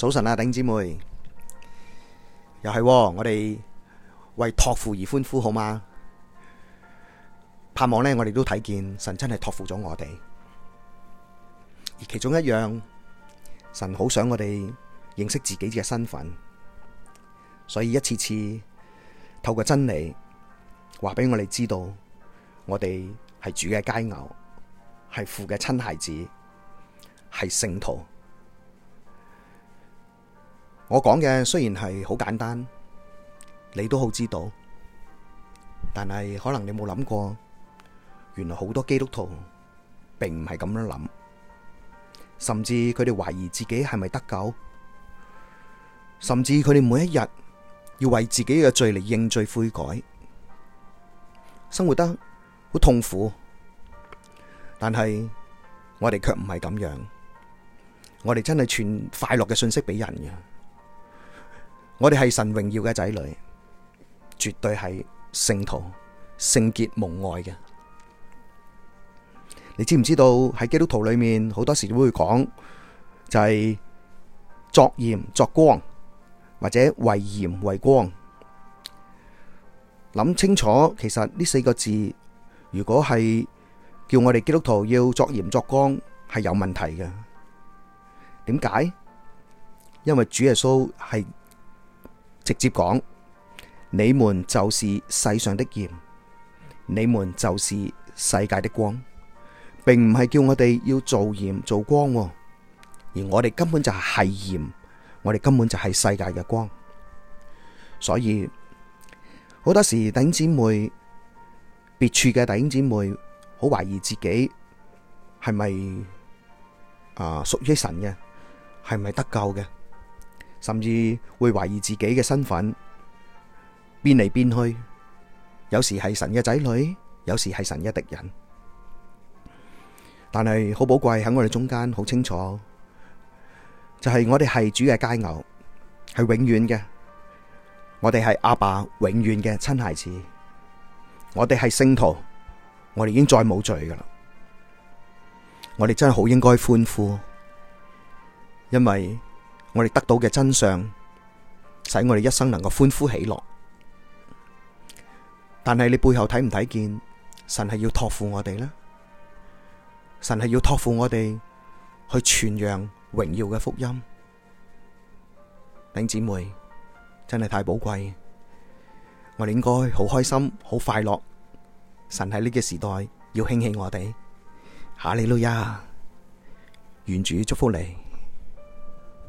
早晨啊，弟兄姊妹，又係、哦、我哋為託付而歡呼，好嗎？盼望呢，我哋都睇見神真係託付咗我哋，而其中一樣，神好想我哋認識自己嘅身份，所以一次次透過真理，話俾我哋知道我，我哋係主嘅佳偶，係父嘅親孩子，係聖徒。我講嘅雖然係好簡單，你都好知道，但係可能你冇諗過，原來好多基督徒並唔係噉樣諗，甚至佢哋懷疑自己係咪得救，甚至佢哋每一日要為自己嘅罪嚟認罪悔改，生活得好痛苦，但係我哋卻唔係噉樣，我哋真係傳快樂嘅訊息畀人，我哋係神榮耀嘅仔女，絕對係聖徒、聖潔、無瑕嘅。你知唔知道喺基督徒裏面，好多時都會講就係作鹽作光，或者為鹽為光。諗清楚，其實呢四個字，如果係叫我哋基督徒要作鹽作光，係有問題嘅。點解？因為主耶穌係。直接講，你們就是世上的鹽，你們就是世界的光，並唔係叫我哋要做鹽做光，而我哋根本就係鹽，我哋根本就係世界嘅光。所以好多時弟兄姊妹，別處嘅弟兄姊妹，好懷疑自己係咪啊屬於神嘅，係咪得救嘅？甚至會懷疑自己嘅身份，變嚟變去，有時係神嘅仔女，有時係神嘅敵人。但係好寶貴喺我哋中間，好清楚，就係、是、我哋係主嘅佳偶，係永遠嘅。我哋係阿爸永遠嘅親孩子，我哋係聖徒，我哋已經再冇罪噶啦。我哋真係好應該歡呼，因為。我哋得到嘅真相，使我哋一生能夠歡呼喜樂。但係你背後睇唔睇見？神係要托付我哋呢？神係要托付我哋去傳揚榮耀嘅福音。弟兄姊妹，真係太寶貴，我哋應該好開心、好快樂。神喺呢個時代要興起我哋，哈利路亞！願主祝福你。